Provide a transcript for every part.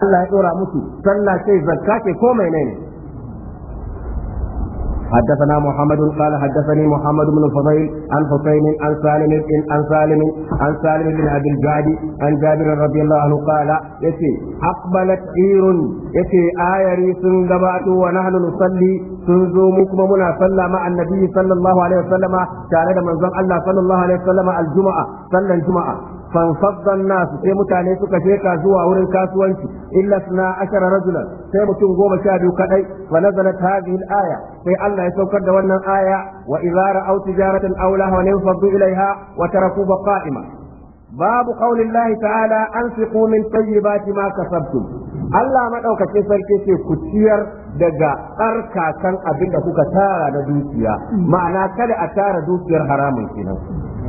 Allah ya dora musu sallah ce zakka ce ko menene حدثنا محمد قال حدثني محمد بن فضيل عن حسين عن سالم عن سالم عن سالم بن ابي الجعد عن جابر رضي الله عنه قال يتي اقبلت عير يتي ايري سنغبات ونحن نصلي سنزوم كما منا صلى مع النبي صلى الله عليه وسلم تعالى من الله صلى الله عليه وسلم الجمعه صلى الجمعه fanfaddan nasu sai mutane suka sheka zuwa wurin kasuwanci illa suna ashara rajulan sai mutum goma sha biyu kaɗai. fa nazalat hadhihi al-aya sai Allah ya saukar da wannan aya wa idza ra'aw tijaratan aw lahwan ilaiha wa ba qa'ima babu qaulillahi ta'ala anfiqu min tayyibati ma kasabtum Allah madaukakin sarki ce ku daga tsarkakan abin da kuka tara na dukiya ma'ana kada a tara dukiyar haramun kenan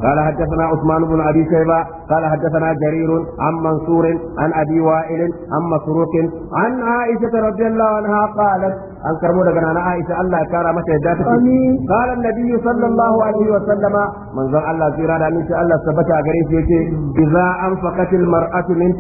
قال حدثنا عثمان بن ابي شيبه قال حدثنا جرير عن منصور عن ابي وائل عن مسروق عن عائشه رضي الله عنها قالت an karbo daga nana Aisha Allah ya kara mata yadda ta qala an-nabi sallallahu alaihi wa sallama manzon Allah zira da nisa Allah tabbata gare shi yake idza anfaqatil mar'atu min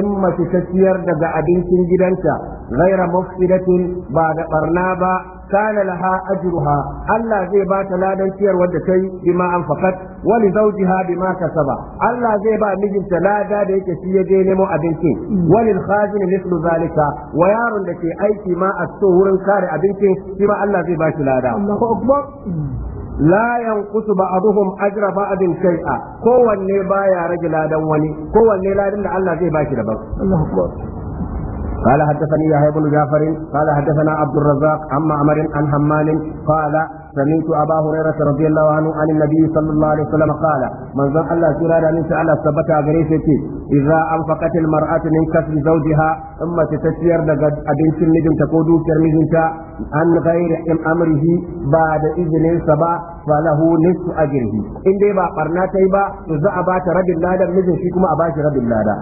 in mace ta ciyar daga abincin gidanta ghaira mufsidatin ba da barna ba kana laha ajruha Allah zai ba ta ladan ciyar wadda ta yi bima anfaqat wa li zawjiha bima kasaba Allah zai ba mijinta lada da yake shi ya je nemo abincin wa lil khazin mithlu zalika wa yaron da ke aiki ma a so wurin kare abincin shi ma Allah zai ba shi lada Allahu akbar la'an kutuba al'umma ajiye abu ɗin kai kowanne baya rage ladan wani kowanne ladan da allah zai bashi da baban. allahumma s. ka halaye haddasanni yahayeku na gafarini ka halaye haddasana an mamarin an hammanin سمعت أبا هريرة رضي الله عنه عن النبي صلى الله عليه وسلم قال من ظن الله سرارة من سأل ثبت أغريسة إذا أنفقت المرأة من كسب زوجها ثم تتسير لقد أبنت النجم تقودو ترمزنك عن غير أمره بعد إذن سبا falahu nisfu ajrihi in dai ba barna tai ba to za a ba ta rabin ladan mijin shi kuma a ba shi rabin lada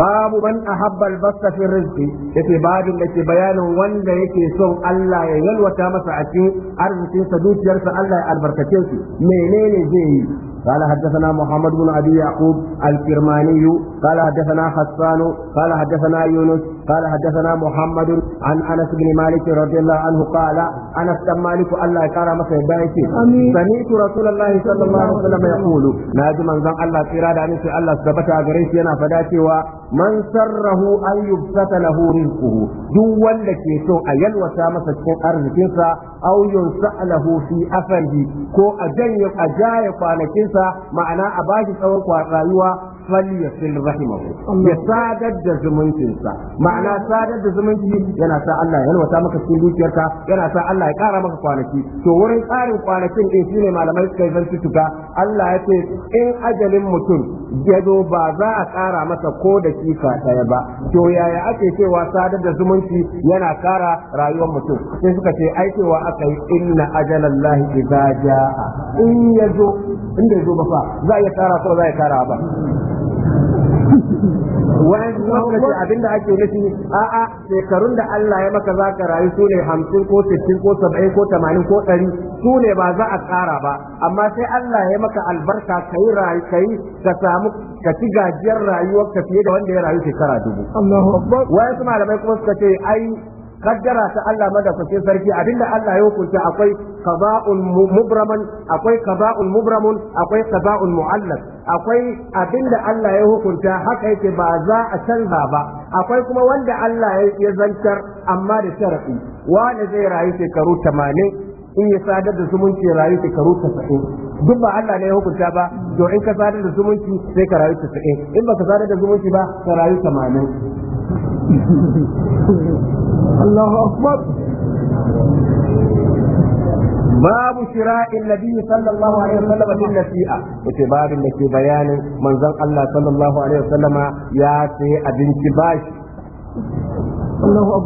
babu man ahabba albasta fi rizqi yace babin da ke bayanin wanda yake son Allah ya yalwata masa a cikin arzikin sa dukiyarsa Allah ya albarkace shi menene zai yi Muhammadu حدثنا محمد بن ابي يعقوب الكرماني قال حدثنا حسان قال حدثنا يونس قال حدثنا محمد عن انس بن مالك رضي الله عنه قال انس بن مالك الله يكرم مسا يدايتي سمعت رسول الله صلى الله عليه وسلم يقول ناجي من زن الله تيرا دا نسي الله ثبتا غريش yana fada cewa man sarrahu an yubsata lahu rizquhu duk wanda ke so a yalwata masa cikin arzikinsa aw yunsalahu fi afarihi ko a janye a jaya kwanakinsa ma'ana a bashi tsawon rayuwa fil rahimahu ya sadar da zumuncinsa ma'ana sadar da zumunci yana sa Allah ya yalwata maka cikin dukiyarka yana sa Allah ya kara maka kwanaki to wurin tsarin kwanakin din shine malamai suka yi tuka Allah ya ce in ajalin mutum ya zo ba za a kara masa ko da kifa daya ba to yaya ake cewa sadar da zumunci yana kara rayuwar mutum sai suka ce ai cewa aka yi inna ajalallahi idza jaa in yazo inda yazo ba fa za ya kara ko za ya kara ba wai lokaci abinda ake nufi a'a shekarun da Allah ya maka zaka rayu su ne hamsin ko sittin ko saba'in ko tamanin ko ɗari su ne ba za a ƙara ba amma sai Allah ya maka albarka kai rayu kai ka samu ka ci gajiyar rayuwar ka fiye da wanda ya rayu shekara dubu. Allahu Akbar. su malamai kuma suka ce ai kaddara ta Allah madaukakin sarki abinda Allah ya hukunta akwai qada'un mubraman akwai qada'un mubramun akwai qada'un mu'allaq akwai abinda Allah ya hukunta haka yake ba za a canza ba akwai kuma wanda Allah ya zantar amma da sharadi wanda zai rayu shekaru 80 in ya sadar da zumunci ya rayu shekaru 90 duk ba Allah ne ya hukunta ba to in ka sadar da zumunci sai ka rayu 90 in ba ka sadar da zumunci ba ka rayu tamanin Allahu akbar babu shira'in nabi sallallahu alaihi wasallam din bayanin manzon Allah sallallahu abinci bashi Allahu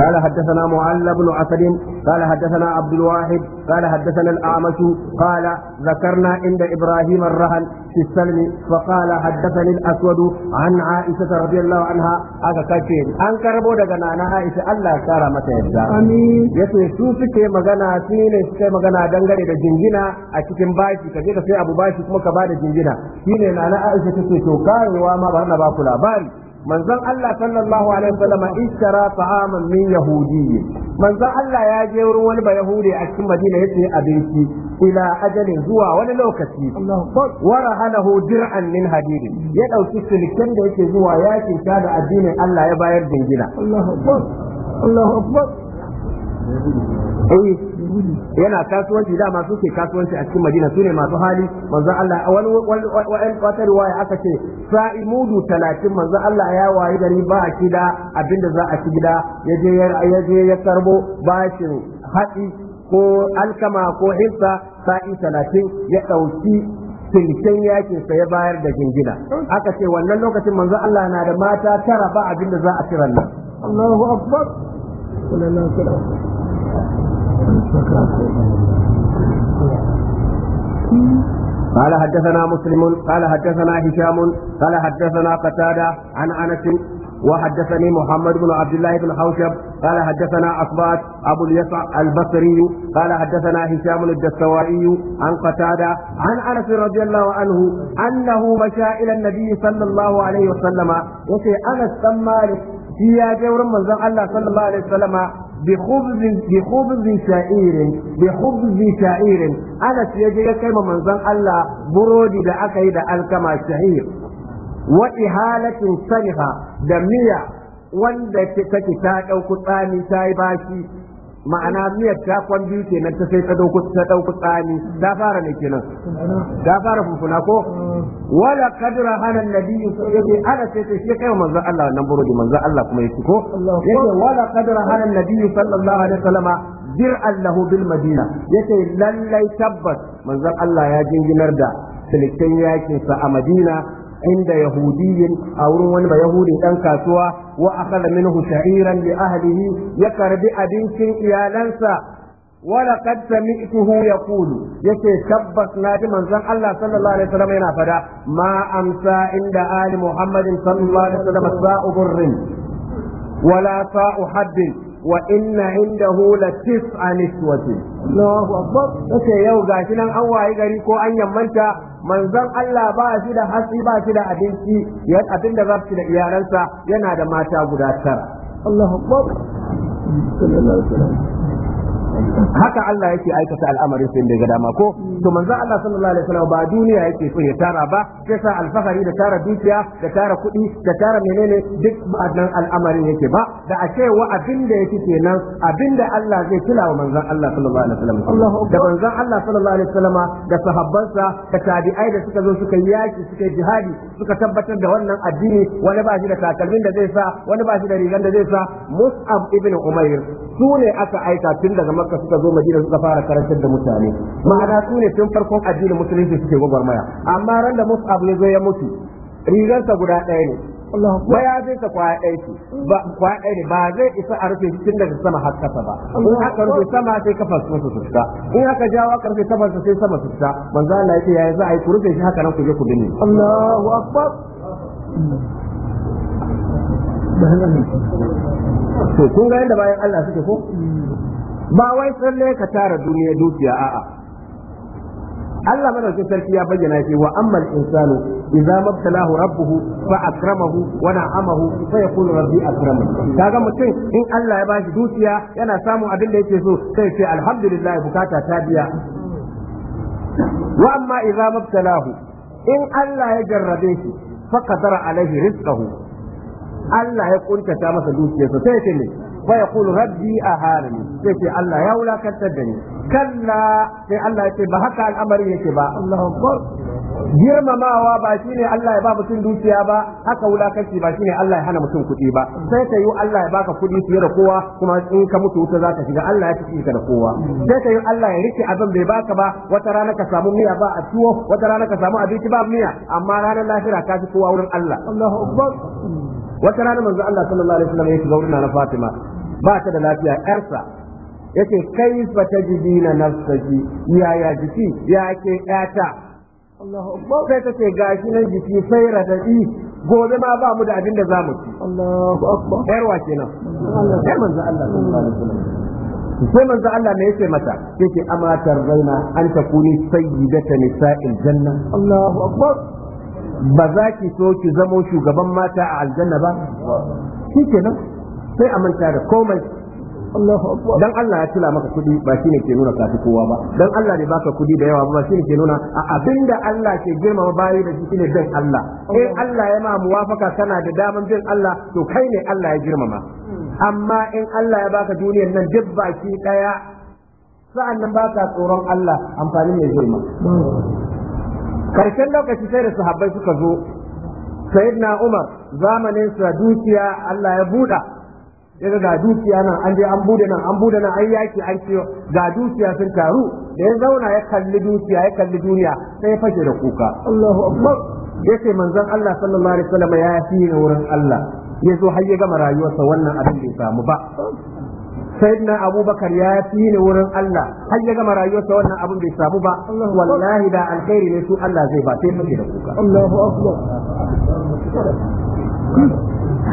قال حدثنا معل بن اسد قال حدثنا عبد الواحد قال حدثنا الاعمش قال ذكرنا عند ابراهيم الرهن في السلم فقال حدثني Aisha عن عائشه رضي الله عنها هذا كثير an karbo daga nana Aisha Allah ya kara mata yadda amin yace su suke magana shi ne suke magana dangane da jinjina a cikin bashi kaje ka sai abu bashi kuma ka bada jingina shine nana Aisha tace to karewa ma ba na ba labari manzon Allah sallallahu alaihi wasallam ishtara ta'aman min yahudiyyin manzon Allah ya je wurin wani ba yahudi a cikin Madina yace abinci ila ajalin zuwa wani lokaci warahanahu dir'an min hadidin ya dauki silken da yake zuwa yakin ta da addinin Allah ya bayar dingina Allahu akbar Allahu akbar eh, yana kasuwanci da su ke kasuwanci a cikin madina su ne masu hali manzon Allah a wani wata riwaya aka ce sa'i mudu talatin Allah ya wayi gari ba a kida abinda za a ci gida ya je ya je ya karbo bashin hatsi ko alkama ko hissa sa'i talatin ya ɗauki silken yakin sa ya bayar da jingina aka ce wannan lokacin manzo Allah na da mata tara ba abinda za a tiran nan Allahu akbar قال حدثنا مسلم قال حدثنا هشام قال حدثنا قتادة عن أنس وحدثني محمد بن عبد الله بن حوشب قال حدثنا أصبات أبو اليسع البصري قال حدثنا هشام الدستوائي عن قتادة عن أنس رضي الله عنه أنه مشى إلى النبي صلى الله عليه وسلم وفي أنس بن مالك shi ya je wurin manzon Allah sallallahu alaihi wasallama بخبز بخبز شعير بخبز شعير انا سيجي من زن الله برودي دا أكيد الكما شعير وإهالة سنها دمية وان take ta ɗauku tsani ta yi باشي ma'ana miyar ta kwan biyu kenan ta sai ta dauko ta dauko tsani ta fara ne kenan ta fara fufuna ko wala kadra hana nabi yace ana sai ta shi kai manzon Allah nan burodi manzon Allah kuma yake ko yace wala kadra hana nabi sallallahu alaihi wasallama dir'an lahu bil madina yace lallai tabbas manzon Allah ya jinginar da silikin yakin sa a Madina inda yahudiyin a wurin wani yahudi dan kasuwa wa akala minhu sha'iran li ahlihi ya karbi abincin iyalansa ولقد سمعته يقول يتي تبت ناجي من زن الله صلى الله عليه وسلم ينا فدا ما أمسى عند آل محمد صلى الله عليه وسلم ساء بر ولا ساء حد wa inna indahu la tis'an iswati Allahu akbar kace yau shi nan an waye gari ko an yammanta manzon Allah ba shi da hatsi ba shi da abinci ya abin da zafi da iyalansa yana da mata guda tara Allahu akbar haka Allah yake aikata al'amarin sai da dama ko to manzo Allah sallallahu alaihi wasallam ba duniya yake so ya tara ba sai sa alfahari da tara dukiya da tara kuɗi da tara menene duk nan al'amarin yake ba da a wa abin da yake kenan abin da Allah zai tuna wa manzon Allah sallallahu alaihi wasallam da manzon Allah sallallahu alaihi wasallam da sahabbansa da tabi'ai da suka zo suka yi yaki suka jihadi suka tabbatar da wannan addini wani ba shi da takalmin da zai sa wani ba shi da rigan da zai sa Mus'ab ibn Umair su ne aka aika tun daga Makka suka zo Madina suka fara karantar da mutane ma'ana su ne ne tun farkon addinin musulunci suke gwagwarmaya amma ran da mus'ab ya zo ya mutu rigarsa guda ɗaya ne mayafinsa kwaya ɗaya Ba kwaya ɗaya ne ba zai isa a rufe cikin daga sama har kasa ba in aka rufe sama sai kafa su su fita in aka jawo aka rufe sai sama su fita manzo Allah ya ce yayi za a yi ku rufe shi haka nan ku je ku binne Allahu akbar to kun ga yadda bayan Allah suke ko ba wai tsalle ka tara duniya dukiya a'a Allah madaukin sarki ya bayyana shi wa ammal insanu idza mabtalahu rabbuhu fa akramahu wa na'amahu fa yaqulu rabbi akramani kaga mutum in Allah ya bashi dukiya yana samun abin da yake so sai sai alhamdulillah bukata ta biya wa amma idza mabtalahu in Allah ya jarrabe shi fa qadara alaihi rizqahu Allah ya kuntata masa dukiyarsa sai ya ce ne fa yaqulu rabbi aharani sai ce Allah ya wulakantar da ni kalla sai Allah ya ce ba haka al'amari yake ba Allahu akbar girmamawa ba shine Allah ya ba mutum dukiya ba haka wulakanci ba shine Allah ya hana mutum kuɗi ba sai ta yi Allah ya baka kuɗi fiye da kowa kuma in ka mutu wuta za ka shiga Allah ya ci ka da kowa sai ta yi Allah ya rike abin bai baka ba wata rana ka samu miya ba a tuwo wata rana ka samu abinci ba miya amma ranar lahira ka fi kowa wurin Allah Allahu akbar wata rana manzo Allah sallallahu alaihi wasallam ya shiga wurin na Fatima ba ta da lafiya ƴarsa. yace kaifa na nafsaki yaya jiki ya ke ɗata? Allahu Akbar sai ta ce gashi nan jiki sai radadi gobe ma ba mu da abin da zamu ci Allahu Akbar yarwa kenan sai manzo Allah sallallahu alaihi wasallam sai manzo Allah ne yake mata yace amatar zaina an kuni sayyidata nisa'il janna Allahu Akbar ba za ki so ki zamo shugaban mata a aljanna ba nan, sai a manta da komai dan Allah ya tila maka kudi ba shine ke nuna kafi kowa ba dan Allah ne baka kudi da yawa ba shine ke nuna a abinda Allah ke girmama bayi da shi shine bin Allah in oh. Allah ya ma muwafaka kana da daman bin Allah to kai ne Allah ya girmama hmm. amma in Allah ya baka duniyar nan duk baki daya sa'an nan baka tsoron Allah amfani mai girma hmm. karshen lokaci sai da sahabbai suka zo sayyidina Umar zamanin sa dukiya Allah ya buɗa Yanzu ga dukiya nan an je an bude nan an bude nan an yaki an ciwo ga dukiya sun taru da ya zauna ya kalli dukiya ya kalli duniya sai ya fashe da kuka Allahu akbar yace manzon Allah sallallahu alaihi wasallam ya yi ne wurin Allah ya zo har ya gama rayuwarsa wannan abin bai samu ba sayyidina abubakar ya fi ni wurin Allah har ya gama rayuwarsa wannan abin bai samu ba wallahi da alkhairi ne su Allah zai ba sai fashe da kuka Allahu akbar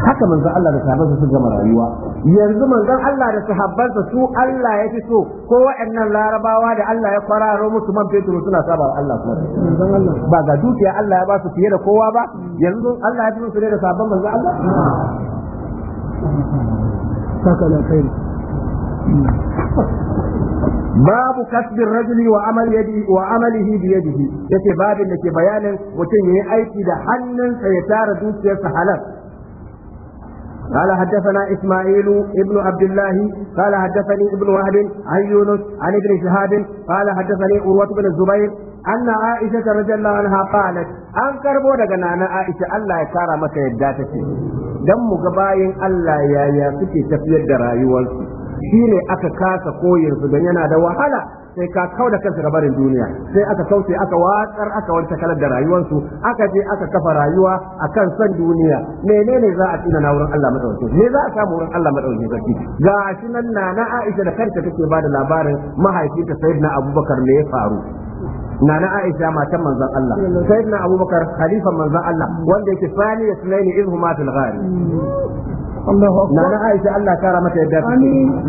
haka manzon Allah da sahabbansa sun gama rayuwa yanzu manzon Allah da sahabbansa su Allah ya fi so ko waɗannan larabawa da Allah ya kwararo musu man fetur suna saba wa Allah kuma ba ga dukiya Allah ya ba su fiye da kowa ba yanzu Allah ya fi so ne da sahabban manzon Allah babu kasbin rajuli wa amal yadi wa amalihi bi yadihi yace babin da ke bayanin mutum yayi aiki da hannunsa ya tara dukiyarsa halal قال حدثنا إسماعيل ابن عبد الله قال حدثني ابن وهب عن يونس عن ابن شهاب قال حدثني عروة بن الزبير أن عائشة رضي الله عنها قالت أن كربو دقنا أنا عائشة ألا يكارا متى يداتك دم قبائن الله يا يا فكي تفيد رايوانك ne aka kasa koyin su don yana da wahala sai ka kau da kansu barin duniya sai aka kauce aka watsar aka wani takalar da rayuwarsu aka je aka kafa rayuwa akan son duniya menene za a tsina na wurin Allah madaukakin me za a samu wurin Allah madaukakin sarki ga shi nan na Aisha da kanta take ba da labarin mahaifinta Sayyidina Abubakar ne ya faru nana Aisha matan manzon Allah sayyidina Abubakar khalifa manzon Allah wanda yake sani ya sunaini idhuma fil ghari nana aisha Allah kara mata yadda ta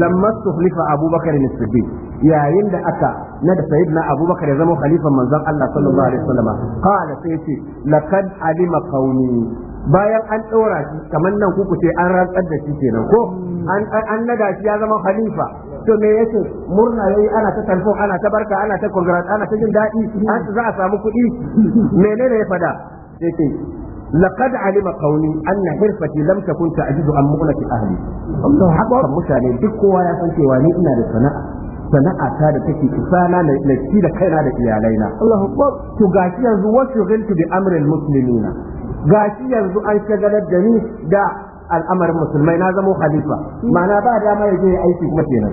lamma tuhlifa abubakar ne siddiq yayin da aka na da sayyidina abubakar ya zama khalifan manzon Allah sallallahu alaihi wasallam qala sai ce laqad alima bayan an ɗora shi kamar nan kuku ce an rantsar da shi kenan ko an nada shi ya zama khalifa to me yake murna yayi ana ta telefon ana ta barka ana ta congrat ana ta jin daɗi za a samu kuɗi menene ya fada yake laqad alima qaumi anna hirfati lam takun ta'jizu an mu'lati ahli Allah haka mutane duk kowa ya san cewa ni ina da sana'a sana'a ta da take isana na ci da kaina da iyalaina Allahu akbar to gashi yanzu wasu ghiltu bi amril muslimina gashi yanzu an shagalar da ni da al'amarin musulmai na zamo khalifa ma'ana ba dama ya je aiki kuma kenan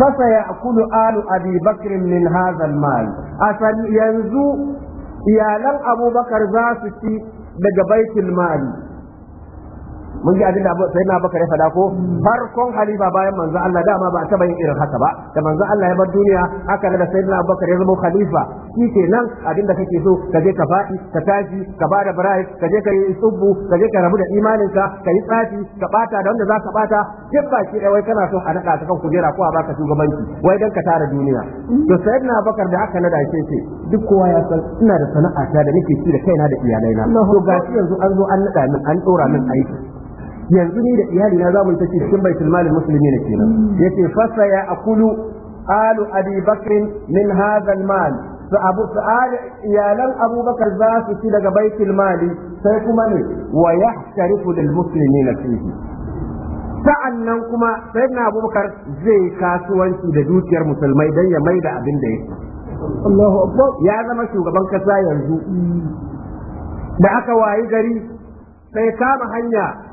fasa ya akulu alu abi bakr min hadha al mal yanzu iyalan abubakar za su ci daga baitul mali mun ji abin da sai na bakar ya faɗa ko farkon halifa bayan manzo Allah dama ba taba yin irin haka ba da manzo Allah ya bar duniya aka da sai na bakar ya zama khalifa shi kenan abin da kake so ka je ka faɗi ka tashi ka ba da barai ka je ka yi tsubbu ka je ka rabu da imaninka ka yi tsafi ka bata da wanda za ka bata duk baki ɗaya wai kana so a naɗa ta kan kujera ko a baka shugabanci wai dan ka tara duniya to sai na bakar da aka nada ke ce duk kowa ya san ina da sana'a ta da nake ci da kaina da iyalaina to gashi yanzu an zo an naɗa min an ɗora min aiki yanzu ni da iyali na zamu tafi cikin baitul mal ne kenan yace fasa ya akulu alu abi bakr min hadha al mal su abu sa'ad iyalan abubakar za su ci daga baitul mal sai kuma ne wa yahtarifu lil muslimina fihi sa'annan kuma abu abubakar zai kasuwanci da dukiyar musulmai dan ya maida abin da yake Allahu akbar ya zama shugaban kasa yanzu da aka wayi gari sai kama hanya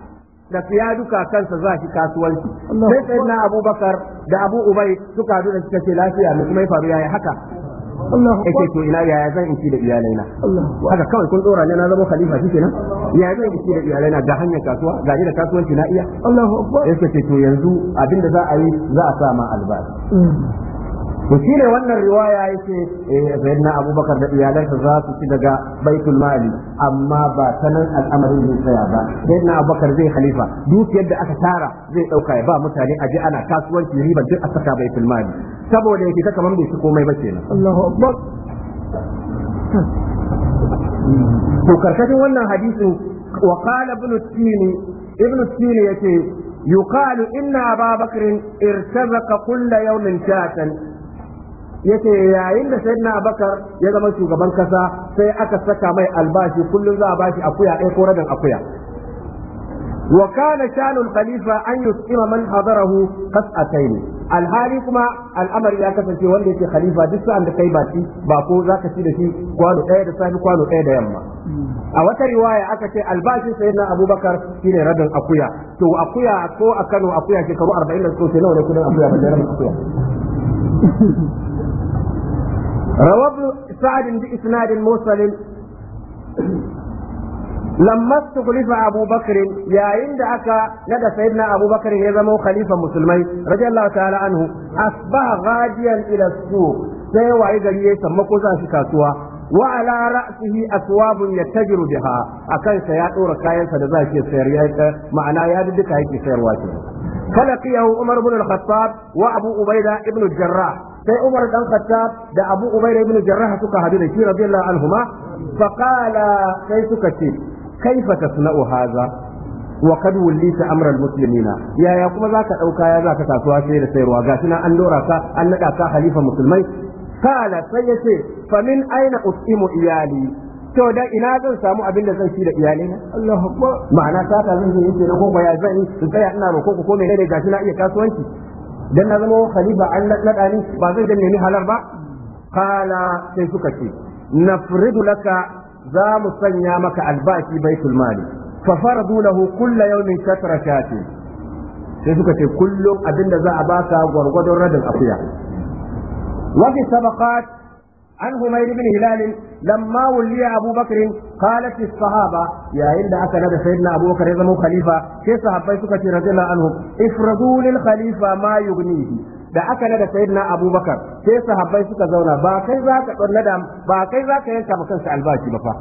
da siya duka kansa za shi kasuwanci sai sai na abubakar da abu ubai suka haɗu da suka ce lafiya mu kuma ya faru yaya haka to ina yaya zan inci da iyalaina? haka kawai kun tsora ne na zama khalifa shi kenan yaya zan inci da iyalaina ga hanyar kasuwa ga da kasuwanci na iya Allahu akbar ce to yanzu abinda za a yi za a sa ma albashi mm. to wannan riwaya ce eh, sayyidina abubakar da iyalansa za su ci daga baitul mali amma ba sanan al'amarin zai tsaya ba sayyidina abubakar zai halifa dukiyar da aka tara zai dauka ya ba mutane aje ana kasuwanci riba duk a saka baitul mali saboda yake ta kaman bai ci komai ba kenan Allahu akbar to karkashin wannan hadisin wa qala ibn tini ibn tini yace يقال إن أبا بكر ارتزق كل يوم شاة yace yayin da na Abubakar ya zama shugaban kasa sai aka saka mai albashi kullum za a bashi akuya ɗaya ko rabin akuya وكان shanul khalifa أن يسئم من حضره قطعتين alhali kuma al'amari ya kasance wanda yake khalifa duk sa'an da kai baci ba ko za ka ci da shi kwano ɗaya da safi kwano ɗaya da yamma a wata riwaya aka ce albashin sai na abubakar shine rabin akuya to akuya ko a kano akuya shekaru arba'in da suka nawa ne kudin akuya ba da akuya روى ابن سعد بإسناد موصل لما استخلف أبو بكر يا عند أكا ندى سيدنا أبو بكر يزمو خليفة مسلمي رضي الله تعالى عنه أصبح غاديا إلى السوق سيوعي غريه سمكو زاشي وعلى رأسه أثواب يتجر بها أكن سيأتو كاين فدزاك يسير يعني معنى ياددك هيك يسير واجه فلقيه عمر بن الخطاب وأبو عبيدة ابن الجراح sai Umar dan Khattab da Abu Ubaida ibn Jarrah suka hadu da shi radiyallahu anhuma fa sai suka ce kaifa tasna'u hadha wa kad wallita amral muslimina yaya kuma zaka dauka ya zaka kasuwa sai da sayarwa gashi na an dora ka an nada ka halifa musulmai kala sai ya ce fa min aina usimu iyali to da ina zan samu abin da zan ci da iyalina Allahu akbar ma'ana ta zan yi kenan ko ba ya zan yi ina roko ko menene gashi na iya kasuwanci dan na zama khalifa an nada ni ba zai dan nemi halar ba kala sai suka ce nafridu laka za mu sanya maka albashi baitul mali fa faradu lahu kullu yawmin shatra shati sai suka ce kullum abinda za a baka gwargwadon radin akuya wa fi sabaqat an humayr ibn hilal lamma wuliya Abu Bakr qalat as-sahaba yayin da aka nada sayyidina Abu Bakr ya zama khalifa sai sahabbai suka ce radiyallahu anhu ifradu lil khalifa ma yughnihi da aka nada sayyidina Abu Bakr sai sahabbai suka zauna ba kai zaka nada ba kai zaka yanka kansa albashi ba fa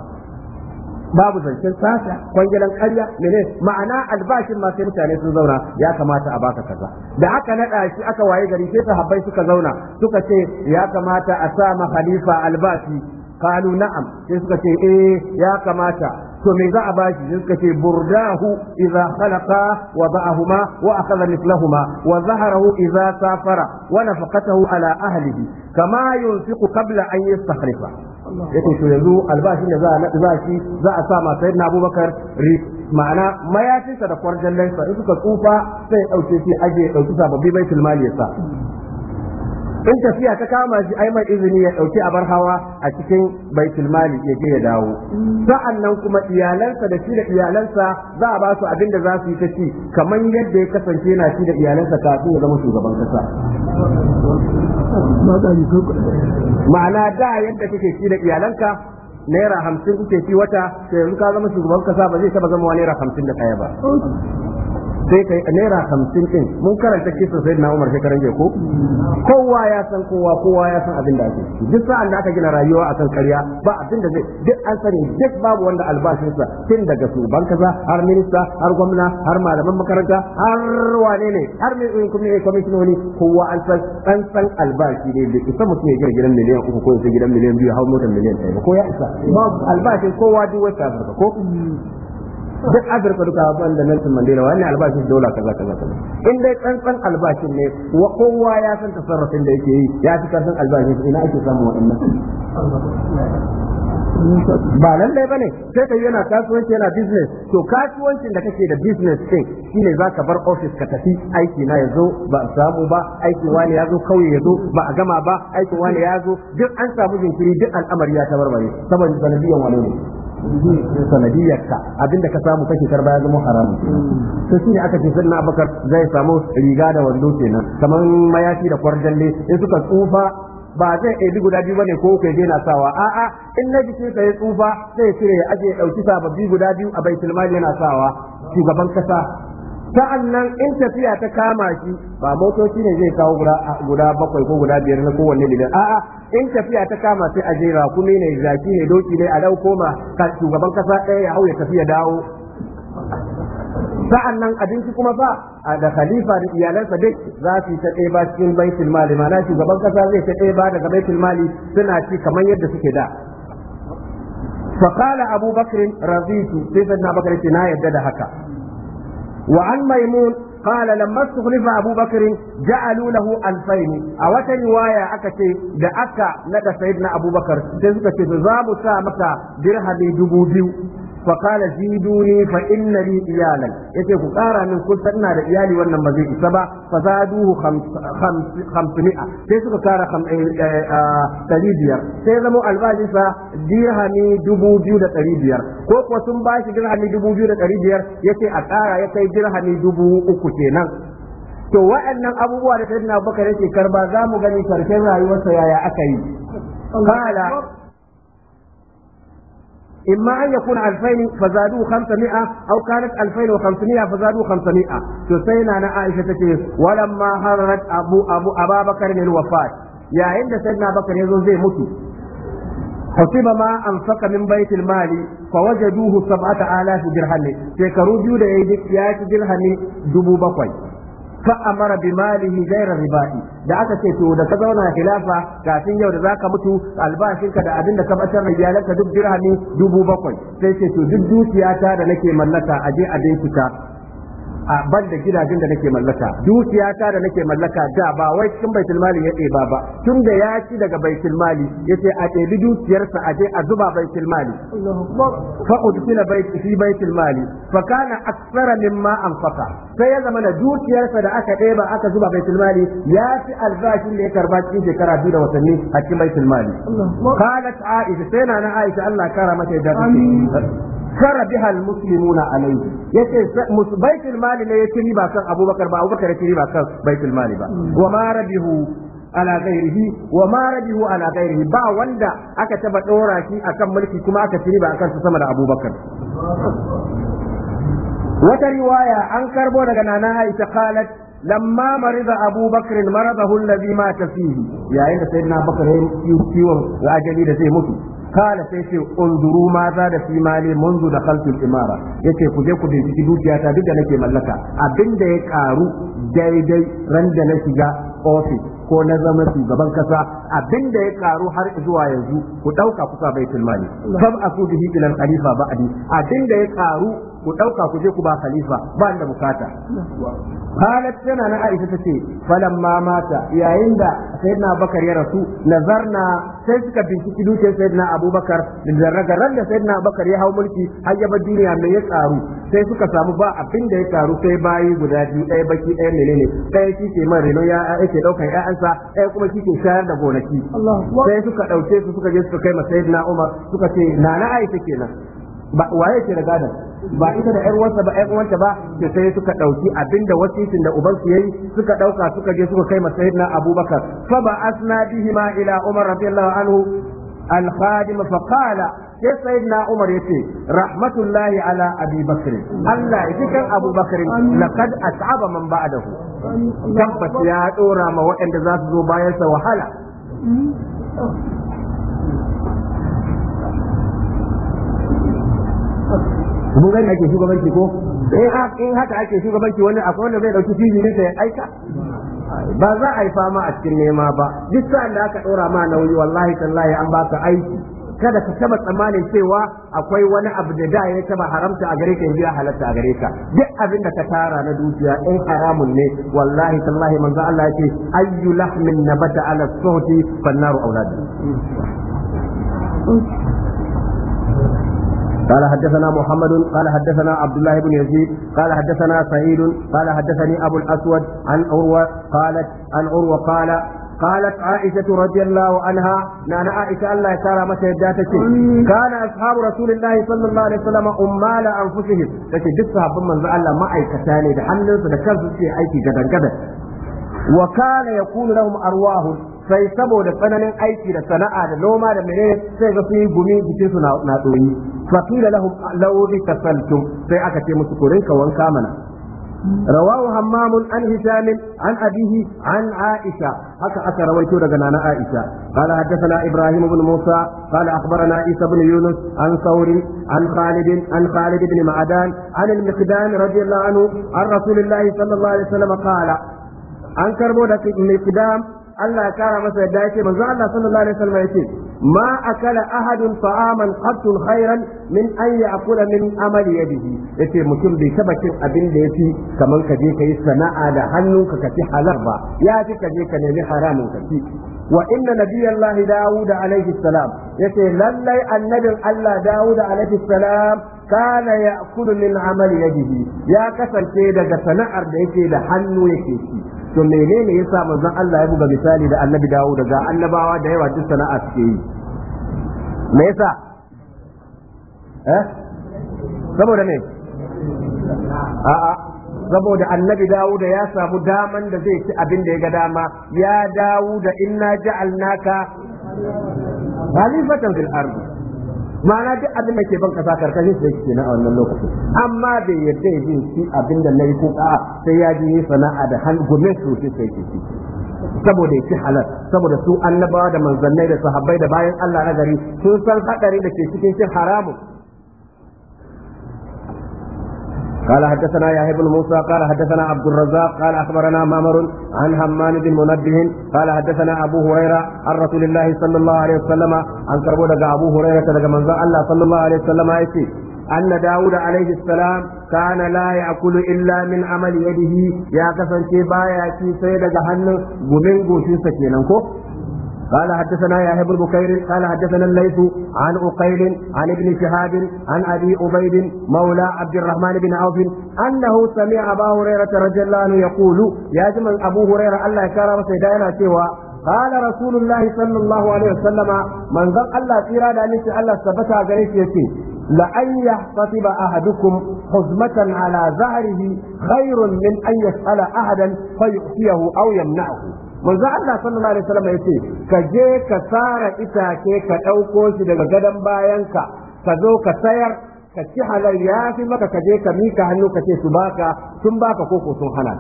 babu zancen sata kwangilan karya ne? ma'ana albashin masu mutane sun zauna ya kamata a baka kaza da aka nada shi aka waye gari sai sahabbai suka zauna suka ce ya kamata a sa ma khalifa albashi qalu na'am sai suka eh, ya kamata to me za a bashi sai suka ce burdahu idza khalaqa wa ba'ahuma wa akhadha wa zaharahu idza safara wa nafaqatahu ala ahlihi kama yunfiqu kabla an yastakhlifa yake to yanzu albashin da za a za za a sa ma sayyidina Abubakar ma'ana mayatinsa da kwarjallansa in suka tsufa sai ya dauke shi aje ya dauki sababbi baitul mali ya sa in tafiya ta kama shi ai mai izini ya dauki bar hawa a cikin baitul mali ya je ya dawo sa'annan kuma iyalansa da shi da iyalansa za a ba su abin da za su yi ta ci kamar yadda ya kasance na shi da iyalansa kafin ya zama shugaban kasa ma'ana da yadda kake shi da iyalanka naira hamsin kuke ci wata sai yanzu ka zama shugaban kasa ba zai taba zama wa naira hamsin da ɗaya ba sai kai naira hamsin din mun karanta kisan sai na umar shekaran jeko kowa ya san kowa kowa ya san abin da ake duk sa'an da aka gina rayuwa akan karya ba abin da zai duk an sani duk babu wanda albashin sa tun daga shugaban kasa har minista har gwamna har malaman makaranta har wane ne har mai kwamishinoni kowa an san san albashi ne da isa mutum ya gina gidan miliyan uku ko ya gidan miliyan biyu har motar miliyan ɗaya ko ya isa albashin kowa duk wata ko duk afirka duka ban da nelson mandela wani albashin dola kaza kaza kaza in dai tsantsan albashin ne wa kowa ya san tasarrufin da yake yi ya fi karfin albashin su ina ake samu wa'annan ba nan dai bane sai ka yana kasuwanci yana business to kasuwancin da kake da business din shine ka bar office ka tafi aiki na yazo ba samu ba aiki wani ya zo kauye yazo ba a gama ba aiki wani ya zo duk an samu jinkiri duk al'amari ya tabarbare saboda sanadiyan wani ne sanadiyarka abinda ka samu kake karba ya zama haramu to ne aka ce sannan abakar zai samu riga da wando kenan kamar mayafi da kwarjalle in suka tsufa ba zai ɗebi guda biyu bane ko kai na sawa a'a in na jikin sa ya tsufa zai cire ya aje ɗauki sababbi guda biyu a baitul mali yana sawa shugaban kasa sa'an nan in tafiya ta kama shi ba motoci ne zai kawo guda bakwai ko guda biyar na kowanne da a'a in tafiya ta kama sai a jera kuma ne zaki ne doki ne a dau koma shugaban kasa ɗaya ya hau ya tafiya dawo sa'an nan abinci kuma ba a da khalifa da iyalansa duk za su ta ba cikin baitul mali ma'ana shugaban kasa zai ta ba daga baitul mali suna ci kamar yadda suke da فقال sai sannan رضيت ce na yadda da haka. وعن ميمون قال لما استخلف أبو بكر جعلوا له ألفين أو رواية أكتي دا أكا ندى سيدنا أبو بكر تزكى تزاب سامتا درهم دبو فقال زيدوني فإن لي إيالا yace ku ƙara min kun san ina da iyali wannan ba zai isa ba fa zaduhu 500 sai suka ƙara 500 eh, eh, ah, sai zama albashinsa dirhami 2500 ko kuwa sun ba shi dirhami 2500 yace a ƙara ya kai dirhami 3000 kenan to wa'annan abubuwa da sayyidina Abubakar yake karba za mu gani karshen rayuwarsa yaya aka yi قال إما أن يكون ألفين فزادوه خمسمائة أو كانت ألفين وخمسمائة فزادوه خمسمائة تسينا أنا عائشة تكيف ولما هرت أبو, أبو أبا بكر الوفاة يا عند سيدنا بكر يزن زي متو حسب ما أنفق من بيت المال فوجدوه سبعة آلاف درهم شكروا بيو دا يجي ياك درهم دبو بقوي Fa'a amara bi malihi ghayra riba'i da aka ce to da ka zauna khilafa kafin yau da zaka mutu albashinka da abin da ka batar da iyalanka duk dirhami dubu bakwai sai ce to duk dukiyata da nake mallaka aje a dai a ban da gidajen da nake mallaka dukiyata da nake mallaka da ba wai cikin baitul mali ya ɗeba ba tun da ya ci daga baitul mali yace a ɗebi dukiyarsa a je a zuba baitul mali fa udkila baiti fi baitul mali fa kana aksara mimma anfaqa sai ya zama da dukiyarsa da aka ɗeba aka zuba baitul mali ya fi albashin da ya karba cikin shekara biyu da watanni a cikin baitul mali qalat aisha sai na aisha Allah kara mata da kara biha almuslimuna alayhi yace baitul mali mali ne ya ci riba kan abubakar ba abubakar ya ci riba kan baitul mali ba mm. wa ma rabihu ala ghairihi wa ma rabihu ala ghairihi ba wanda aka taba dora shi akan mulki kuma aka ci riba kan su sama da Abubakar wata riwaya an karbo daga nana Aisha qalat lamma marida Abu Bakr maradahu alladhi mata fihi yayin da sayyidina Bakar ya yi ciwon ajali da zai mutu kala sai ce unzuru ma za da fi mali munzu da khalqul imara yace ku je ku binciki dukiyata duk da nake mallaka abinda ya karu daidai ran da na shiga office ko na zama shugaban kasa abinda ya karu har zuwa yanzu ku dauka kusa baitul mali sab aku bihi ila al khalifa ba'di abinda ya karu ku ɗauka ku je ku ba khalifa ba da bukata Halatu tana na Aisha tace falamma mata yayin da sayyidina Bakar ya rasu nazarna sai suka binciki dukiyar sayyidina Abubakar da ran da sayyidina Bakar ya hau mulki har ya bar duniya mai ya karu sai suka samu ba abin da ya karu sai bayi guda biyu ɗaya baki ɗaya menene ɗaya shi ke man reno ya yake ɗaukar ƴaƴansa ɗaya kuma shi ke shayar da gonaki sai suka ɗauke su suka je suka kai ma sayyidina Umar suka ce nana Aisha kenan ba waye ke da gadon ba ita da 'yar ba 'yar ba ke sai suka ɗauki abinda wasitin da uban su yayi suka ɗauka suka je suka kai masayidna Abubakar fa ba asna ma ila Umar radiyallahu anhu al-khadim fa qala sai sayyidina Umar yace rahmatullahi ala Abi Bakr Allah ya kan Abu Bakr laqad at'aba man ba'dahu tabbas ya dora ma waɗanda za su zo bayan sa wahala mun gani ake shugabanci ko eh, in haka ake shugabanci wani akwai wanda zai dauki fili ne ya aika ba za a yi fama a cikin nema ba duk sa'an da aka dora ma nauyi wallahi tallahi an baka aiki kada ka taba tsammanin cewa akwai wani abu da da ya taba haramta a gare ka yanzu ya halatta a gare ka duk abin da ka tara na dukiya in haramun ne wallahi tallahi manzo Allah ya ce ayyu lahmin nabata ala suhti fannaru auladi قال حدثنا محمد قال حدثنا عبد الله بن يزيد قال حدثنا سعيد قال حدثني أبو الأسود عن عروة قالت عن عروة قال قالت عائشة رضي الله عنها نانا عائشة الله يسارى متى يداتك كان أصحاب رسول الله صلى الله عليه وسلم أمال أنفسهم لكن دي صحاب من الله ما أي كتاني دحنس دكزس في أيكي جدا جدا وكان يقول لهم أرواح sai saboda tsananin aiki da sana'a da noma da mene sai ga sun yi gumi jikin su na doyi fa qila lahum law tasaltum sai aka ce musu kurin ka wanka mana rawahu hammam an hisam an abihi an aisha haka aka rawaito daga nana aisha qala hadathana ibrahim ibn musa qala akhbarana isa ibn yunus an sauri an khalid an khalid ibn ma'dan an al-miqdan radiyallahu anhu an rasulillahi sallallahu alaihi wasallam qala an karbo da miqdam Allah ya kara masa yadda yake manzo Allah sallallahu alaihi wasallam yake ma akala ahadun ta'aman qattun khairan min an ya'kula min amali yadihi yace mutum bai taba cin abin da yafi kaman ka je kai sana'a da hannunka ka ci halal ba ya fi ka je ka nemi haramun ka ci wa inna nabiyallahi dawud alaihi salam yace lallai annabin Allah dawud alaihi salam kana ya kudu min amali ya kasance daga sana'ar da yake da hannu yake ci to menene yasa manzon Allah ya buga misali da annabi dawo daga annabawa da yawa duk sana'a suke yi me yasa eh saboda me a'a saboda annabi Dawuda ya samu daman da zai ci abin da ya ga dama ya dawo Dawuda inna ja'alnaka khalifatan fil ardi ma'ana duk abin da ke ban kasa karkashin sai ke na a wannan lokaci amma bai yarda ya jin shi abin da na yi kuka sai ya ji sana'a da hannu gumin shi sai ke ci saboda ya ci halar saboda su annabawa da manzannai da sahabbai da bayan Allah na gari sun san hadari da ke cikin shi haramun قال حدثنا يحيى بن موسى قال حدثنا عبد الرزاق قال اخبرنا مامر عن همام بن منبه قال حدثنا ابو هريره عن رسول الله صلى الله عليه وسلم عن كربو ابو هريره دغ منزل الله صلى الله عليه وسلم يتي أن داود عليه السلام كان لا يأكل إلا من عمل يده يا كسن بايا كي سيدة جهنم قمين قوشي سكينا قال حدثنا يحيى بن بكير قال حدثنا الليث عن أقيل عن ابن شهاب عن أبي أبيد مولى عبد الرحمن بن عوف أنه سمع أبا هريرة رضي الله عنه يقول يا جمل أبو هريرة الله كرم سيدنا سوى قال رسول الله صلى الله عليه وسلم من ذا الله تيرا دانيس الله ثبتا غريش يتي لأن يحتطب أحدكم حزمة على ظهره خير من أن يسأل أحدا فيؤتيه أو يمنعه manzo Allah sallallahu alaihi wasallam yace ka je ka tsara itace ka ɗauko shi daga gadon bayan ka ka zo ka sayar ka ci halal ya fi maka ka je ka mika hannu ka ce su baka sun baka koko sun hana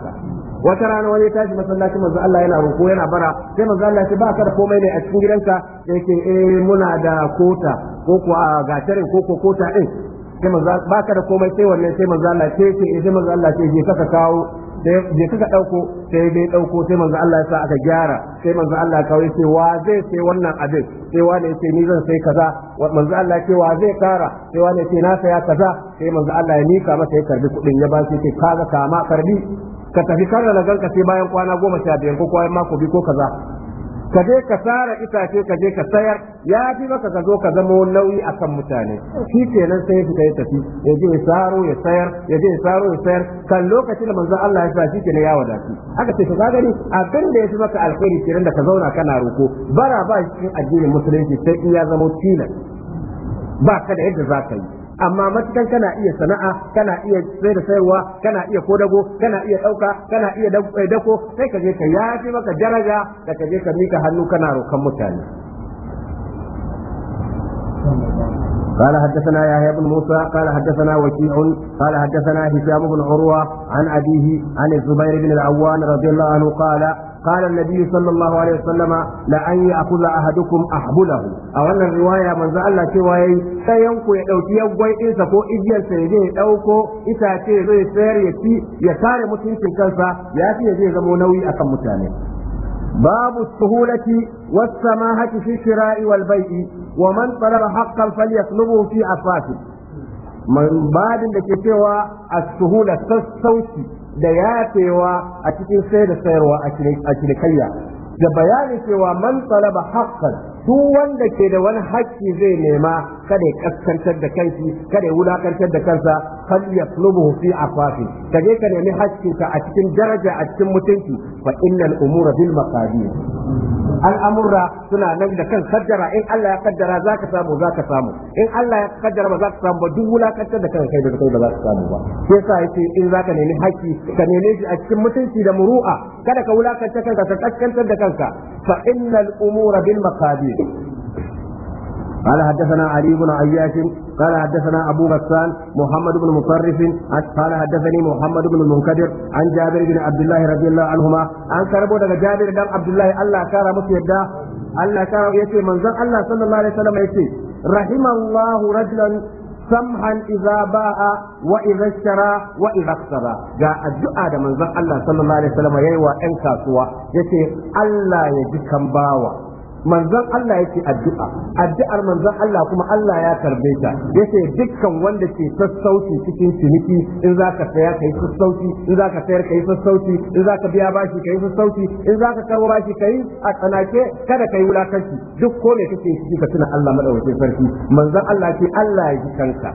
wata rana wani tashi masallaci manzo Allah yana roko yana bara sai manzo Allah ya ce ba ka da komai ne a cikin gidanka yake eh muna da kota ko kuwa gatarin koko kota din sai manzo baka da komai sai wannan sai manzo Allah sai ce eh, sai manzo Allah ce je kaka kawo je kaka dauko sai dai dauko sai manzo Allah ya sa aka gyara sai manzo Allah kawo sai wa zai sai wannan abin sai ne sai ni zan sai kaza manzo Allah ce wa zai kara sai ne sai na saya kaza sai manzo Allah ya nika masa ya karbi kudin ya ba shi sai kaga kama karbi ka tafi karra na ganka sai bayan kwana goma sha biyar ko kwayan mako biyu ko kaza ka je ka sara itace ka je ka sayar ya fi maka ka zo ka zama nauyi a kan mutane shi kenan sai fita ya tafi ya je ya saro ya sayar ya je ya saro ya sayar kan lokaci da manzo Allah ya sa shi kenan ya wadaci Haka ce ka gani abin da ya fi maka alkhairi kenan da ka zauna kana roko bara ba shi cikin addinin musulunci sai in ya zama tilas ba ka da yadda za ka yi amma matukan kana iya sana'a kana iya sai da sayarwa kana iya kodago kana iya ɗauka kana iya eh, dako sai ka je ka yafi maka daraja da kaje ka mika hannu kana rokan mutane قال حدثنا يحيى بن موسى قال حدثنا وكيع قال حدثنا هشام بن عروة عن أبيه عن الزبير بن العوان رضي الله عنه قال قال النبي صلى الله عليه وسلم لأن يأخذ أحدكم أحبله أو أن الرواية من ذا الله شوائي سينكو يأوتي يبوي إنسا كو إجيا سيدين أوكو إتا تيزي سير يتي يسار مسلم كنسا يأتي يجي زمونوي أكم متاني باب السهولة والسماحة في الشراء والبيع ومن طلب حقا فليطلبه في أفاته Ma'adin da ke cewa a suhula sassauci da yafewa a cikin sai da sayarwa a cinikayya da bayani cewa man talaba haqqan duk wanda ke da wani haƙƙi zai nema kada ya kaskantar da kanki kada ya wulakantar da kansa flubu yatlubuhu a afafi kaje ka nemi haƙƙinka a cikin daraja a cikin mutunci fa innal umura bil maqadir al'amurra suna nan da kan kaddara in Allah ya kaddara za ka samu za ka samu in Allah ya kaddara ba za ka samu ba duk wulakantar da kan kai da kai ba za ka samu ba shi yasa in za ka nemi haƙƙi ka neme shi a cikin mutunci da muru'a kada ka wulakanta kanka ka kaskantar da kanka fa innal umura bil maqadir قال حدثنا علي بن عياش قال حدثنا أبو غسان محمد بن مصرف قال حدثني محمد بن المنكدر عن جابر بن عبد الله رضي الله عنهما عن كربو جابر بن عبد الله الله كان مسيدا الله كان يتي منزل الله صلى الله عليه وسلم يتي رحم الله رجلا سمحا إذا باع وإذا اشترى وإذا اقترى جاء الدعاء ده منزل الله صلى الله عليه وسلم يوى إن كاسوا يتي الله يجي كم باوى manzon Allah yake addu'a addu'ar manzon Allah kuma Allah ya karbe ta yace dukkan wanda ke sassauci cikin ciniki in zaka saya kai sassauci in zaka sayar kai sassauci in zaka biya bashi kai sassauci in zaka karbo bashi kai a tsanake kada kai wulakanci duk ko ne kake ciki ka tuna Allah madaukakin sarki manzon Allah ke Allah ya ji kanka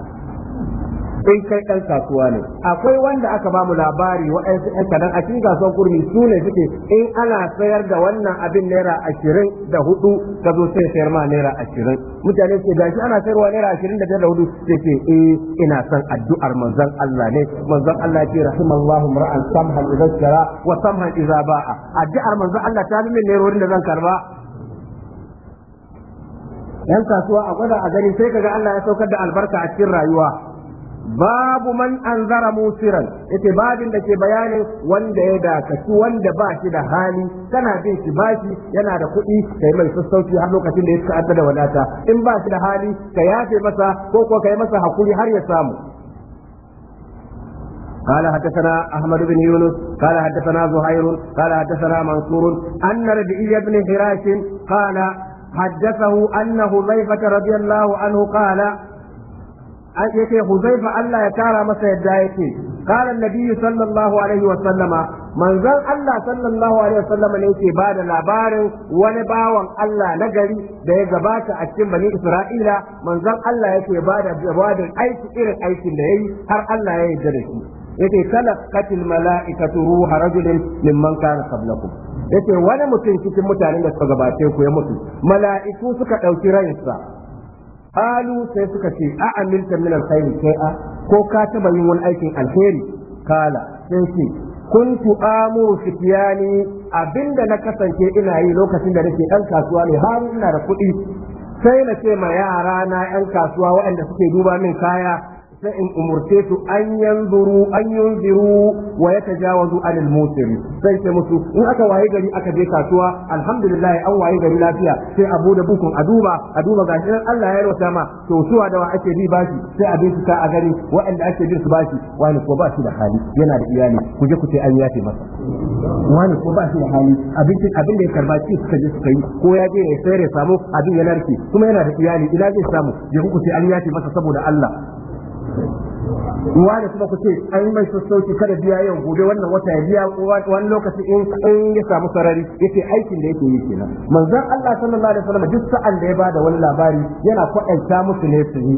sai kai ɗan kasuwa ne akwai wanda aka ba mu labari wa ɗan kadan a cikin kasuwar kurmi su ne suke in ana sayar da wannan abin naira ashirin da hudu ka zo sai sayar ma naira ashirin mutane ce gashi ana sayarwa naira ashirin da da hudu sai ce eh ina son addu'ar manzon Allah ne manzon Allah ce rahimallahu mar'an samhan idza shara wa samhan idza ba'a addu'ar manzon Allah ta min ne da zan karba yan kasuwa a gwada a gani sai kaga Allah ya saukar da albarka a cikin rayuwa babu man anzara musiran yace babin da ke bayanin wanda ya dakaci wanda ba shi da hali tana bin shi bashi yana da kuɗi kai mai sassauci har lokacin da ya ta'adda da wadata in ba shi da hali ka yafe masa ko ko kai masa hakuri har ya samu قال حدثنا احمد بن يونس قال حدثنا زهير قال حدثنا منصور ان ربيع بن حراش قال حدثه ان حذيفه رضي الله عنه قال yake huzaifa Allah ya tara masa yadda yake قال النبي sallallahu alaihi wa sallama. من زن الله صلى الله عليه ne yake ba da labarin wani bawan Allah na gari da ya gabata a cikin bani Isra'ila manzon Allah yake ba da jawabin aiki irin aikin da yayi har Allah ya yarda da shi kala talaqatil mala'ikatu ruha rajulin mimman kana qablakum yake wani mutum cikin mutanen da suka gabate ku ya mutu mala'iku suka dauki rayinsa qalu sai suka ce a amilta min alkhairi a, ko ka taba yin wani aikin alheri kala sai ce kuntu amuru fitiyani abinda na kasance ina yi lokacin da nake dan kasuwa ne har ina da kuɗi sai na ce ma yara na yan kasuwa waɗanda suke duba min kaya sai in umurce su an yanzuru an yunziru wa yatajawazu anil musir sai ce musu in aka waye gari aka je kasuwa alhamdulillah an waye gari lafiya sai abu da bukun a duba a duba gashi nan Allah ya yarwata ma to suwa da wa ake bi bashi sai a bisu ta a gari waɗanda ake bin su bashi wani ko ba da hali yana da iyali ku je ku ce an yafe masa wani ko ba da hali abin abin da ya karba ci suka je suka yi ko ya je ya sai ya samu abin ya narki kuma yana da iyali ila zai samu ya ku ce an yafe masa saboda Allah da kuma ku ce an mai sassauci kada biya yau gobe wannan wata ya biya wani lokaci in in ya samu sarari yake aikin da yake yi kenan manzon Allah sallallahu alaihi wasallam duk sa'an da ya bada wani labari yana kwaɗanta musu ne su yi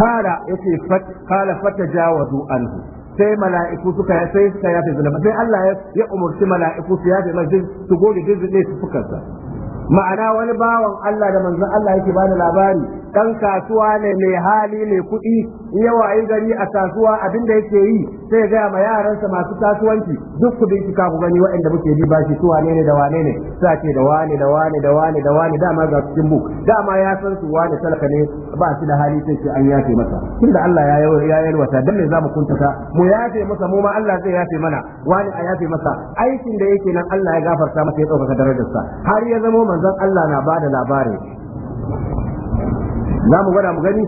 kala yake kala fata jawazu anhu sai mala'iku suka ya sai suka yafe zulma sai Allah ya umurci mala'iku su yafe majin su goge dizin ne su fukarsa ma'ana wani bawan Allah da manzon Allah yake bada labari dan kasuwa ne mai hali ne kuɗi yawa wayi gari a kasuwa abin da yake yi sai gaya ma yaransa masu kasuwanci duk ku bincika ku gani waɗanda muke bi ba shi su wane ne da wane ne sa ce da wane da wane da wane da wane dama ga cikin buk dama ya san su wane talaka ne ba shi da hali sai an yafe masa tunda Allah ya ya yalwata dan me zamu kuntaka mu yafe masa mu ma Allah zai yafe mana wani a yafe masa aikin da yake nan Allah ya gafarta masa ya ɗaukaka darajarsa har ya zama manzon Allah na bada labari za mu gwada mu gani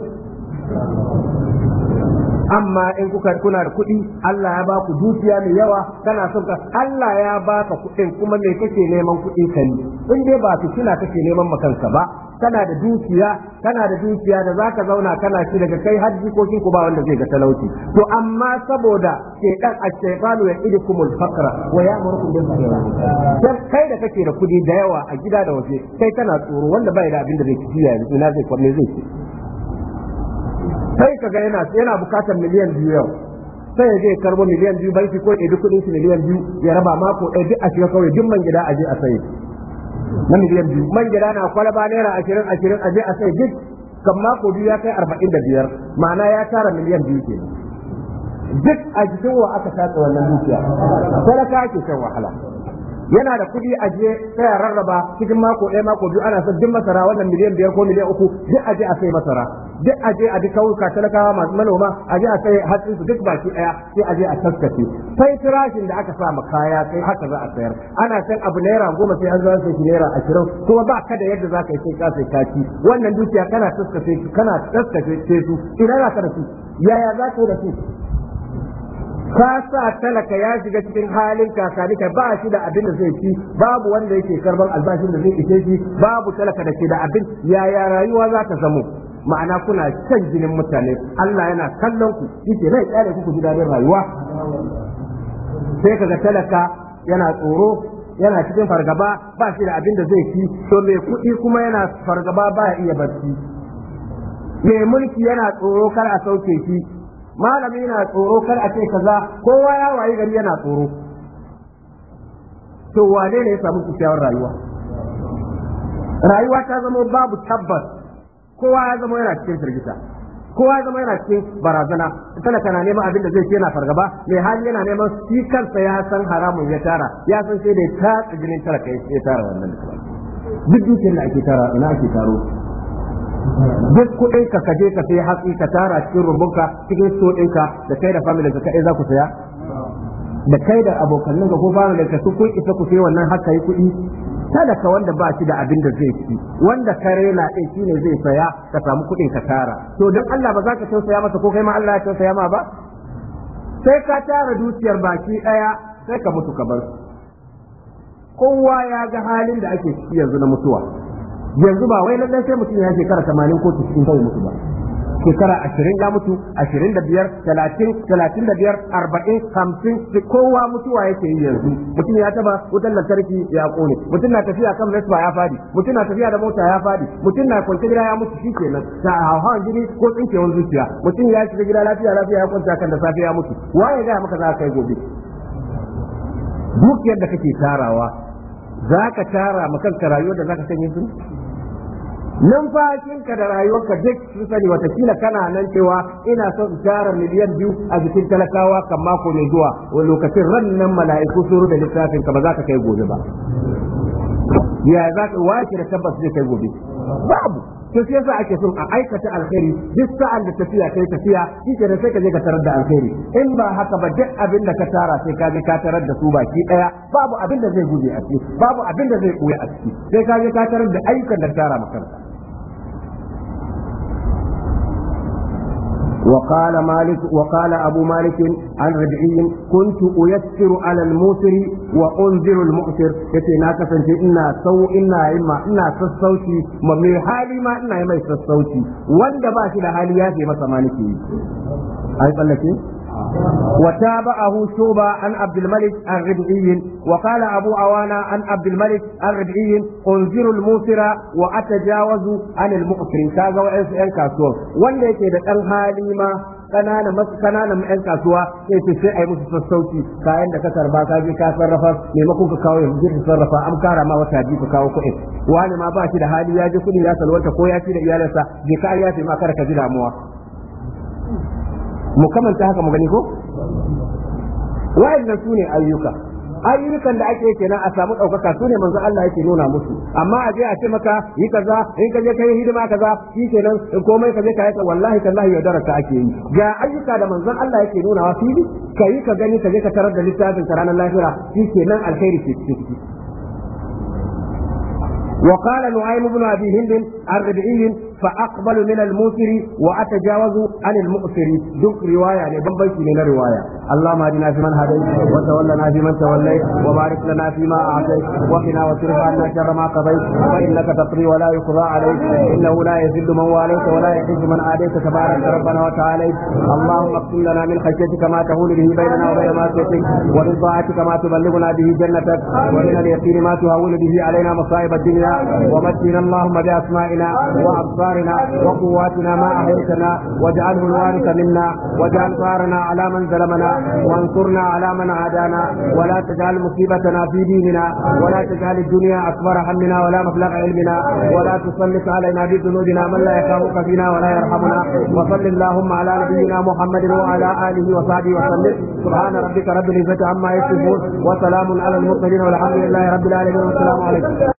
amma in kuka kuna da kuɗi Allah ya ba ku dukiya mai yawa kana son ka Allah ya baka kuɗin kuma me kake neman kuɗi ka yi in dai ba kina kake neman makanka ba kana da dukiya kana da dukiya da zaka zauna kana shi daga kai har jikokin ku ba wanda zai ga talauci to amma saboda shedan ash-shaytanu ya Kumul faqra wa ya ya'murukum bil fahsha dan kai da kake da kudi da yawa a gida da waje kai kana tsoro wanda bai da abin da zai ci yanzu ina zai kwame zai ci sai kaga yana yana bukatar miliyan biyu yau sai ya je ya karbo miliyan biyu banki ko ya ɗi shi miliyan biyu ya raba mako ɗaya duk a shiga kawai duk man gida a je a sayi na miliyan biyu man gida na kwalaba naira ashirin ashirin aje a sai duk kan mako biyu ya kai arba'in da biyar ma'ana ya tara miliyan biyu ke duk a jikin wa aka tatsa wannan dukiya talaka ke shan wahala yana da kuɗi aje sai a rarraba cikin mako ɗaya mako biyu ana son duk masara wannan miliyan biyar ko miliyan uku duk aje a sai masara duk a je a bi kauyuka talakawa masu manoma a je a tsaye hatsin su duk baki ɗaya sai a je a taskace sai firashin da aka sa ma kaya sai haka za a sayar ana san abu naira goma sai an zo sai naira ashirin kuma ba ka da yadda za ka yi sai ka sai kaci wannan dukiya kana taskace kana taskace su ina za ka da su yaya za ka yi da su ka sa talaka ya shiga cikin halin kakani ka ba shi da abin da zai ci babu wanda yake karban albashin da zai ishe shi babu talaka da ke da abin yaya rayuwa za ta zamo ma'ana kuna shan jinin mutane Allah yana kallon ku yake rai tsare ku ku ji dadin rayuwa sai kaga talaka yana tsoro yana cikin fargaba ba shi da abin da zai ci to mai kuɗi kuma yana fargaba ba iya barci mai mulki yana tsoro kar a sauke shi malami yana tsoro kar a ce kaza kowa ya wayi gari yana tsoro to wane ne ya samu kuciyar rayuwa rayuwa ta zama babu tabbas kowa ya zama yana cikin firgita kowa ya zama yana cikin barazana talaka na neman abin da zai ce yana fargaba mai hali yana neman shi kansa ya san haramun ya tara ya san sai dai ta jinin talaka ya tara wannan da duk dukiyar da ake tara ina ake taro duk kuɗin ka kaje ka sai hatsi ka tara cikin rubunka cikin so ɗinka da kai da family ka kai za ku saya da kai da abokan ka ko family ka su kun isa ku sai wannan haka yi kuɗi sadaka wanda ba shi da abin da zai ci wanda ka rena shi ne zai saya ka samu kuɗin ka tara to don Allah ba za ka tausaya masa ko kai ma Allah ya tausaya ma ba sai ka tara dukiyar baki ɗaya sai ka mutu ka bar kowa ya ga halin da ake ciki yanzu na mutuwa yanzu ba wai lallai sai mutum ya shekara 80 ko 90 kawai mutu ba shekara ashirin ya mutu ashirin da biyar talatin talatin da biyar arba'in hamsin kowa mutuwa yake yi yanzu mutum ya taba wutan lantarki ya ƙone. mutum na tafiya kan vespa ya fadi mutum na tafiya da mota ya fadi mutum na kwance gida ya mutu shikenan ta hawan jini ko tsinkewar zuciya mutum ya shiga gida lafiya lafiya ya kwanta kan da safe ya mutu waye ga maka za kai kai gobe dukiyar da kake tarawa za ka tara ma kanka rayuwar da za ka sanya su numfashinka da rayuwarka duk sun sani watakila kana nan cewa ina son tara miliyan biyu a jikin talakawa kan mako mai zuwa wani lokacin rannan mala'iku sun da littafin ka ba za ka kai gobe ba ya za ka wace da tabbas zai kai gobe babu to sai yasa ake son a aikata alkhairi duk sa'an da tafiya kai tafiya kike da sai ka je ka tarar da alkhairi in ba haka ba duk abin da ka tara sai ka je ka tarar da su baki daya babu abin da zai guje a ciki babu abin da zai koya a ciki sai ka je ka tarar da ayyukan da tara maka وقال مالك وقال أبو مالك عن ربعي كنت أيسر على الموسر وأنذر المؤسر يتي ناكا فانتي إنا سو إنا إما إنا سسوتي ومن حالي ما إنا إما سسوتي وان دباشي لحالي ياتي مسا مالكي أي قال لك وتابعه شوبة عن عبد الملك الربعي وقال أبو عوانة عن عبد الملك الربعي أنذر الموسر وأتجاوز عن المؤسر كذا وإنس أنكاسون ولا يكيد الحالي ما kananan masu kananan yan kasuwa sai ce sai ai musu sassauci kayan da ka karba ka ka sarrafa maimakon ka kawo yanzu ka sarrafa an kara ma wata biyu ka kawo kuɗi wani ma ba shi da hali ya je kuɗi ya salwanta ko ya ci da iyalinsa je ka ya ma kada ka ji damuwa mu kamanta haka mu gani ko wa'annan su ne ayyuka ayyukan da ake kenan a samu ɗaukaka su ne manzo Allah yake nuna musu amma a je a ce maka yi kaza in ka je ka hidima kaza shi kenan komai ka je ka yi wallahi tallahi ya daraka ake yi ga ayyuka da manzo Allah yake nuna wa fili ka ka gani ka je ka tarar da littafin ranar lahira shi kenan alkhairi ke ciki وقال نعيم بن ابي هند الربعي فأقبل من الموسر وأتجاوز عن المؤسر دوك رواية لبنبيت من رواية اللهم اهدنا فيمن هديت وتولنا فيمن توليت وبارك لنا فيما اعطيت وقنا واصرف عنا شر ما قضيت فانك تقضي ولا يقضى عليك انه لا يزل من واليت ولا يعز من عاديت تبارك ربنا وتعالى اللهم اقسم لنا من خشيتك ما تهون به بيننا وبين معصيتك ومن طاعتك ما تبلغنا به جنتك ومن اليقين ما تهون به علينا مصائب الدنيا ومتنا اللهم باسمائنا وابصارنا وقواتنا ما احييتنا واجعله الوارث منا واجعل ثارنا على من ظلمنا وانصرنا على من عادانا ولا تجعل مصيبتنا في ديننا ولا تجعل الدنيا أكبر همنا ولا مبلغ علمنا ولا تسلط علينا بذنوبنا من لا يخافك فينا ولا يرحمنا وصل اللهم على نبينا محمد وعلى آله وصحبه وسلم سبحان ربك رب العزة عما يصفون وسلام على المرسلين والحمد لله رب العالمين والسلام عليكم